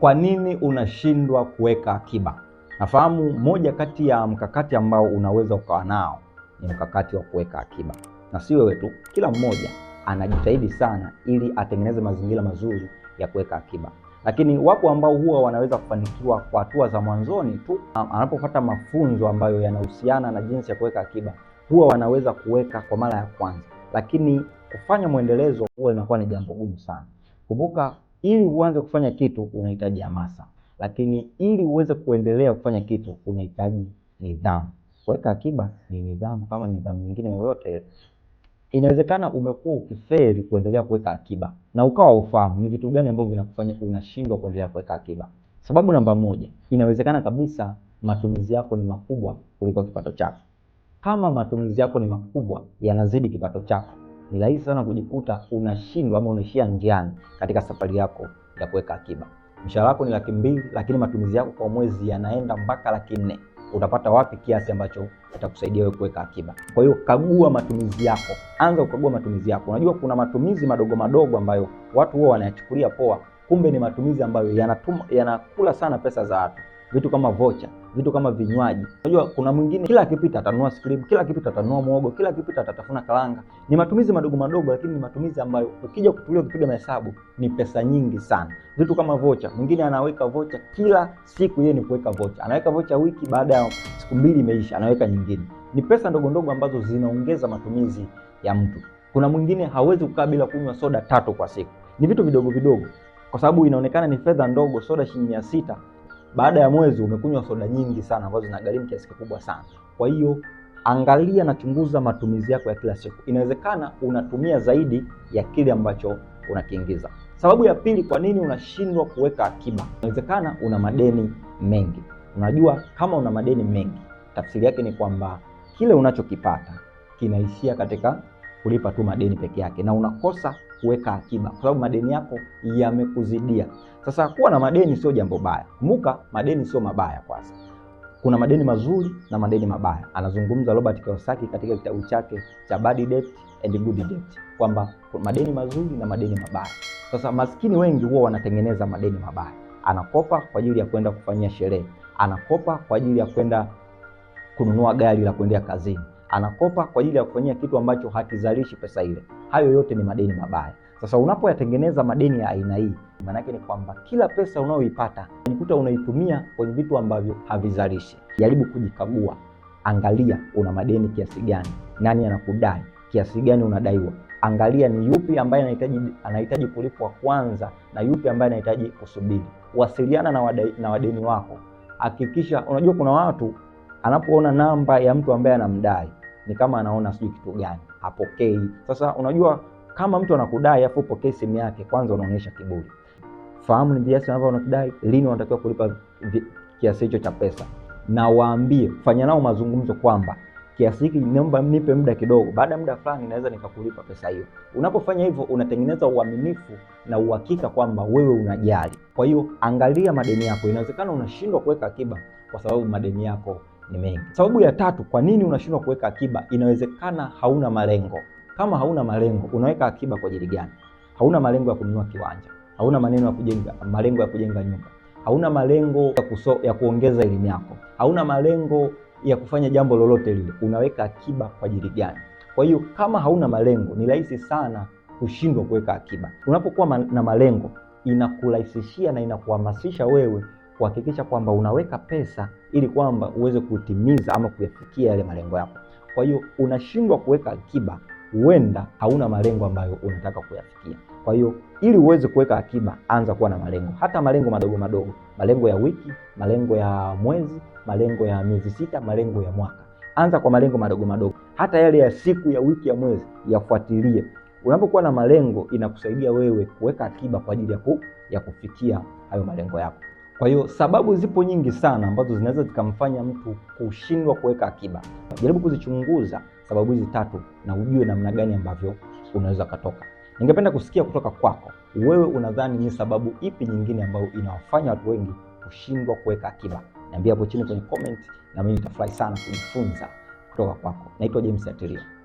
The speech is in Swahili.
kwa nini unashindwa kuweka akiba? Nafahamu moja kati ya mkakati ambao unaweza ukawa nao ni mkakati wa kuweka akiba, na si wewe tu, kila mmoja anajitahidi sana ili atengeneze mazingira mazuri ya kuweka akiba, lakini wapo ambao huwa wanaweza kufanikiwa kwa hatua za mwanzoni tu. Anapopata mafunzo ambayo yanahusiana na jinsi ya kuweka akiba, huwa wanaweza kuweka kwa mara ya kwanza, lakini kufanya mwendelezo huwa inakuwa ni jambo gumu sana. Kumbuka ili uanze kufanya kitu unahitaji hamasa, lakini ili uweze kuendelea kufanya kitu unahitaji nidhamu. Kuweka akiba ni nidhamu kama nidhamu nyingine yoyote. Inawezekana umekuwa ukifeli kuendelea kuweka akiba na ukawa ufahamu ni vitu gani ambavyo vinakufanya unashindwa kuendelea kuweka akiba. Sababu namba moja, inawezekana kabisa matumizi yako ni makubwa kuliko kipato chako. Kama matumizi yako ni makubwa, yanazidi kipato chako ni rahisi sana kujikuta unashindwa ama unaishia njiani katika safari yako ya kuweka akiba. Mshahara wako ni laki mbili, lakini matumizi yako kwa mwezi yanaenda mpaka laki nne. Utapata wapi kiasi ambacho kitakusaidia wewe kuweka akiba? Kwa hiyo kagua matumizi yako, anza kukagua matumizi yako. Unajua kuna matumizi madogo madogo ambayo watu huwa wanayachukulia poa, kumbe ni matumizi ambayo yanatuma yanakula sana pesa za watu vitu kama vocha, vitu kama vinywaji. Unajua kuna mwingine kila akipita atanunua skrim, kila akipita atanunua mwogo, kila akipita atatafuna karanga. Ni matumizi madogo madogo, lakini ni matumizi ambayo ukija kutulia, ukipiga mahesabu ni pesa nyingi sana. Vitu kama vocha, mwingine anaweka vocha kila siku, yeye ni kuweka vocha, anaweka vocha wiki, baada ya siku mbili imeisha, anaweka nyingine. Ni pesa ndogo ndogo ambazo zinaongeza matumizi ya mtu. Kuna mwingine hawezi kukaa bila kunywa soda tatu kwa siku. Ni vitu vidogo vidogo, kwa sababu inaonekana ni fedha ndogo, soda shilingi mia sita baada ya mwezi umekunywa soda nyingi sana ambazo gharimu kiasi kikubwa sana. Kwa hiyo angalia na chunguza matumizi yako ya kila siku. Inawezekana unatumia zaidi ya kile ambacho unakiingiza. Sababu ya pili, kwa nini unashindwa kuweka akiba? Inawezekana una madeni mengi. Unajua, kama una madeni mengi, tafsiri yake ni kwamba kile unachokipata kinaishia katika kulipa tu madeni peke yake na unakosa kuweka akiba kwa sababu madeni yako yamekuzidia. Sasa kuwa na madeni sio jambo baya. Kumbuka madeni sio mabaya kwanza. Kuna madeni mazuri na madeni mabaya. Anazungumza Robert Kiyosaki katika kitabu chake cha Bad Debt and Good Debt kwamba madeni mazuri na madeni mabaya. Sasa maskini wengi huwa wanatengeneza madeni mabaya. Anakopa kwa ajili ya kwenda kufanyia sherehe, anakopa kwa ajili ya kwenda kununua gari la kuendea kazini, anakopa kwa ajili ya kufanyia kitu ambacho hakizalishi pesa ile. Hayo yote ni madeni mabaya. Sasa unapoyatengeneza madeni ya aina hii, maana yake ni kwamba kila pesa unayoipata unakuta unaitumia kwenye vitu ambavyo havizalishi. Jaribu kujikagua, angalia una madeni kiasi gani, nani anakudai, kiasi gani unadaiwa. Angalia ni yupi ambaye anahitaji anahitaji kulipwa kwanza na yupi ambaye anahitaji kusubiri. Wasiliana na, wadai, na wadeni wako, hakikisha. Unajua kuna watu anapoona namba ya mtu ambaye anamdai ni kama anaona sijui kitu gani, apokei. Sasa unajua kama mtu anakudai afu upokee simu yake, kwanza unaonyesha kiburi. Fahamu ni kiasi ambavyo unakudai, lini unatakiwa kulipa kiasi hicho cha pesa, na waambie, fanya nao mazungumzo kwamba kiasi hiki niomba mnipe muda kidogo, baada ya muda fulani naweza nikakulipa pesa hiyo. Unapofanya hivyo, unatengeneza uaminifu na uhakika kwamba wewe unajali. Kwa hiyo angalia madeni yako, inawezekana unashindwa kuweka akiba kwa sababu madeni yako ni mengi. Sababu ya tatu, kwa nini unashindwa kuweka akiba? Inawezekana hauna malengo. Kama hauna malengo, unaweka akiba kwa ajili gani? Hauna malengo ya kununua kiwanja, hauna maneno ya kujenga, malengo ya kujenga nyumba, hauna malengo ya, kuso, ya kuongeza elimu yako, hauna malengo ya kufanya jambo lolote lile. Unaweka akiba kwa ajili gani? Kwa hiyo kama hauna malengo, ni rahisi sana kushindwa kuweka akiba. Unapokuwa na malengo, inakurahisishia na inakuhamasisha wewe kuhakikisha kwamba unaweka pesa ili kwamba uweze kutimiza ama kuyafikia yale malengo yako. Kwa hiyo unashindwa kuweka akiba, huenda hauna malengo ambayo unataka kuyafikia. Kwa hiyo ili uweze kuweka akiba, anza kuwa na malengo, hata malengo madogo madogo, malengo ya wiki, malengo ya mwezi, malengo ya miezi sita, malengo ya mwaka. Anza kwa malengo madogo madogo, hata yale ya siku, ya wiki, ya mwezi, yafuatilie. Unapokuwa na malengo, inakusaidia wewe kuweka akiba kwa ajili ya ku, ya kufikia hayo malengo yako. Kwa hiyo sababu zipo nyingi sana ambazo zinaweza zikamfanya mtu kushindwa kuweka akiba. Jaribu kuzichunguza sababu hizi tatu na ujue namna gani ambavyo unaweza ukatoka. Ningependa kusikia kutoka kwako, wewe unadhani ni sababu ipi nyingine ambayo inawafanya watu wengi kushindwa kuweka akiba? Niambia hapo chini kwenye comment, na mimi nitafurahi sana kujifunza kutoka kwako. Naitwa James Attirio.